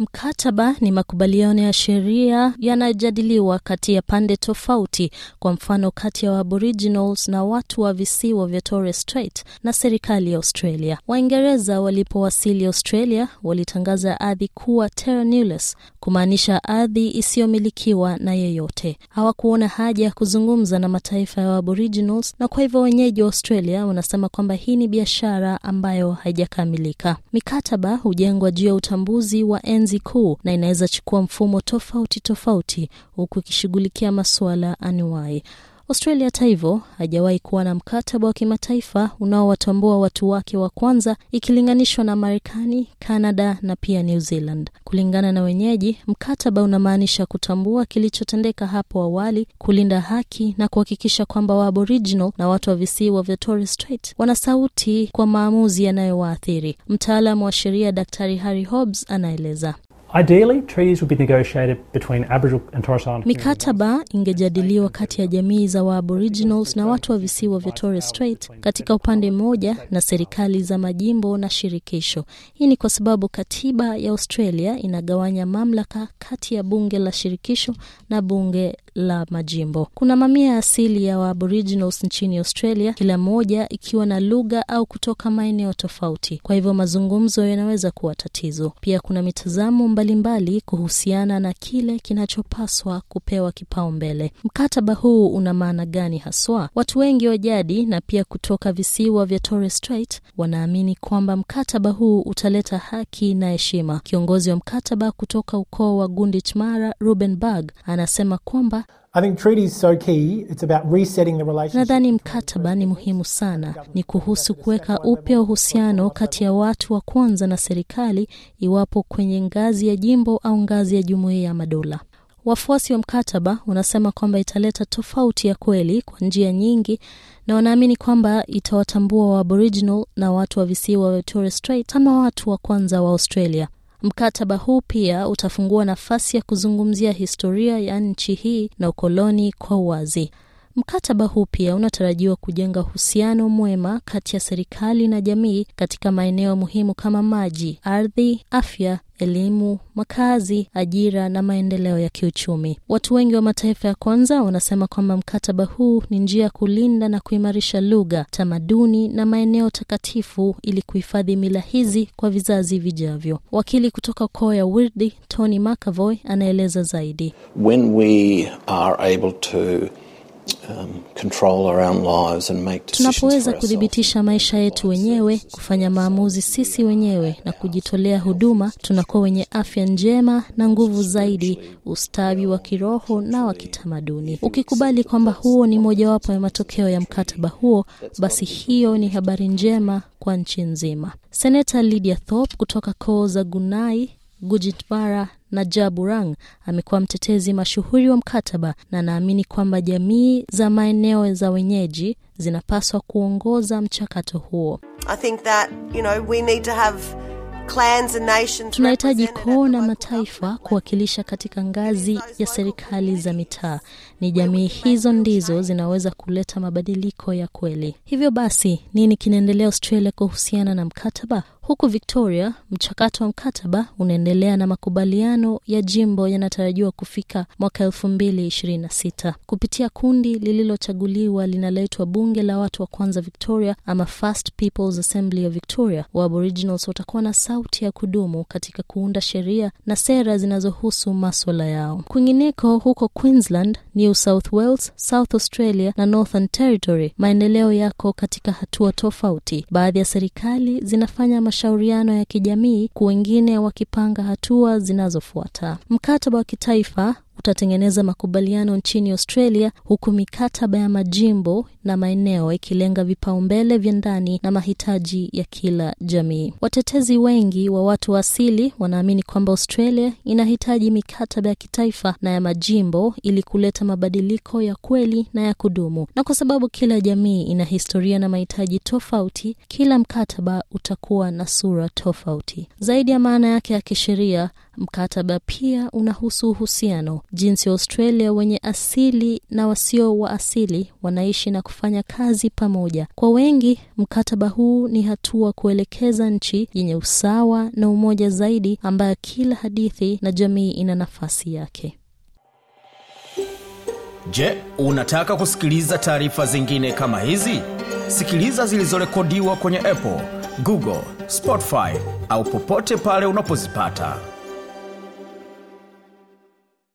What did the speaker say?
Mkataba ni makubaliano ya sheria yanayojadiliwa kati ya pande tofauti, kwa mfano kati ya Aboriginals na watu wa visiwa vya Torres Strait na serikali ya Australia. Waingereza walipowasili Australia walitangaza ardhi kuwa terra nullius, kumaanisha ardhi isiyomilikiwa na yeyote. Hawakuona haja ya kuzungumza na mataifa ya Aboriginals, na kwa hivyo wenyeji wa Australia wanasema kwamba hii ni biashara ambayo haijakamilika. Mikataba hujengwa juu ya utambuzi wa enzi mkurugenzi kuu na inaweza chukua mfumo tofauti tofauti, huku ikishughulikia masuala anuwai. Australia hata hivyo hajawahi kuwa na mkataba wa kimataifa unaowatambua watu wake wa kwanza ikilinganishwa na Marekani, canada na pia New Zealand. Kulingana na wenyeji, mkataba unamaanisha kutambua kilichotendeka hapo awali, kulinda haki na kuhakikisha kwamba Waaboriginal na watu wa visiwa vya Torres Strait wana sauti kwa maamuzi yanayowaathiri. Mtaalamu wa sheria Daktari Harry Hobbs anaeleza. Ideally, treaties would be negotiated between Aboriginal and Torres Mikataba ingejadiliwa kati ya jamii za Waaboriginals na watu wa visiwa vya Torres Strait katika upande mmoja na serikali za majimbo na shirikisho. Hii ni kwa sababu katiba ya Australia inagawanya mamlaka kati ya bunge la shirikisho na bunge la majimbo. Kuna mamia asili ya Aboriginals nchini Australia, kila moja ikiwa na lugha au kutoka maeneo tofauti, kwa hivyo mazungumzo yanaweza kuwa tatizo. Pia kuna mitazamo mbalimbali kuhusiana na kile kinachopaswa kupewa kipaumbele. Mkataba huu una maana gani haswa? Watu wengi wa jadi na pia kutoka visiwa vya Torres Strait wanaamini kwamba mkataba huu utaleta haki na heshima. Kiongozi wa mkataba kutoka ukoo wa Gunditjmara, Ruben Barg, anasema kwamba Nadhani mkataba ni muhimu sana, ni kuhusu kuweka upya uhusiano kati ya watu wa kwanza na serikali, iwapo kwenye ngazi ya jimbo au ngazi ya jumuiya ya madola. Wafuasi wa mkataba wanasema kwamba italeta tofauti ya kweli kwa njia nyingi, na wanaamini kwamba itawatambua Waaboriginal na watu wa visiwa vya Torres Strait ama watu wa kwanza wa Australia. Mkataba huu pia utafungua nafasi ya kuzungumzia historia ya nchi hii na ukoloni kwa uwazi. Mkataba huu pia unatarajiwa kujenga uhusiano mwema kati ya serikali na jamii katika maeneo muhimu kama maji, ardhi, afya, elimu, makazi, ajira na maendeleo ya kiuchumi. Watu wengi wa mataifa ya kwanza wanasema kwamba mkataba huu ni njia ya kulinda na kuimarisha lugha, tamaduni na maeneo takatifu ili kuhifadhi mila hizi kwa vizazi vijavyo. Wakili kutoka koo ya Wirdi, Tony McAvoy, anaeleza zaidi. When we are able to Um, tunapoweza kudhibitisha maisha yetu wenyewe, kufanya maamuzi sisi wenyewe na kujitolea huduma, tunakuwa wenye afya njema na nguvu zaidi, ustawi wa kiroho na wa kitamaduni. Ukikubali kwamba huo ni mojawapo ya matokeo ya mkataba huo, basi hiyo ni habari njema kwa nchi nzima. Seneta Lydia Thorpe kutoka koo za Gunai, gujitbara Najaa Burang amekuwa mtetezi mashuhuri wa mkataba na anaamini kwamba jamii za maeneo za wenyeji zinapaswa kuongoza mchakato huo. Tunahitaji koo na mataifa kuwakilisha katika ngazi ya serikali za mitaa. Ni jamii hizo ndizo zinaweza kuleta mabadiliko ya kweli. Hivyo basi, nini kinaendelea Australia kuhusiana na mkataba? Huku Victoria, mchakato wa mkataba unaendelea na makubaliano ya jimbo yanatarajiwa kufika mwaka elfu mbili ishirini na sita kupitia kundi lililochaguliwa linaloitwa Bunge la Watu wa Kwanza Victoria ama First People's Assembly of Victoria. Wa Aboriginals watakuwa na sauti ya kudumu katika kuunda sheria na sera zinazohusu maswala yao. Kwingineko huko Queensland, New South Wales, South Australia na Northern Territory, maendeleo yako katika hatua tofauti. Baadhi ya serikali zinafanya mash mashauriano ya kijamii, wengine wakipanga hatua zinazofuata. Mkataba wa kitaifa utatengeneza makubaliano nchini Australia, huku mikataba ya majimbo na maeneo ikilenga vipaumbele vya ndani na mahitaji ya kila jamii. Watetezi wengi wa watu wa asili wanaamini kwamba Australia inahitaji mikataba ya kitaifa na ya majimbo ili kuleta mabadiliko ya kweli na ya kudumu, na kwa sababu kila jamii ina historia na mahitaji tofauti, kila mkataba utakuwa na sura tofauti. Zaidi ya maana yake ya kisheria Mkataba pia unahusu uhusiano, jinsi Australia wenye asili na wasio wa asili wanaishi na kufanya kazi pamoja. Kwa wengi, mkataba huu ni hatua kuelekeza nchi yenye usawa na umoja zaidi, ambayo kila hadithi na jamii ina nafasi yake. Je, unataka kusikiliza taarifa zingine kama hizi? Sikiliza zilizorekodiwa kwenye Apple, Google, Spotify au popote pale unapozipata.